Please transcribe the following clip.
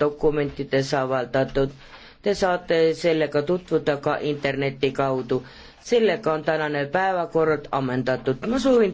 dokumentides avaldatud. Te saate sellega tutvuda ka interneti kaudu. sellega on tänane päevakord ammendatud. ma soovin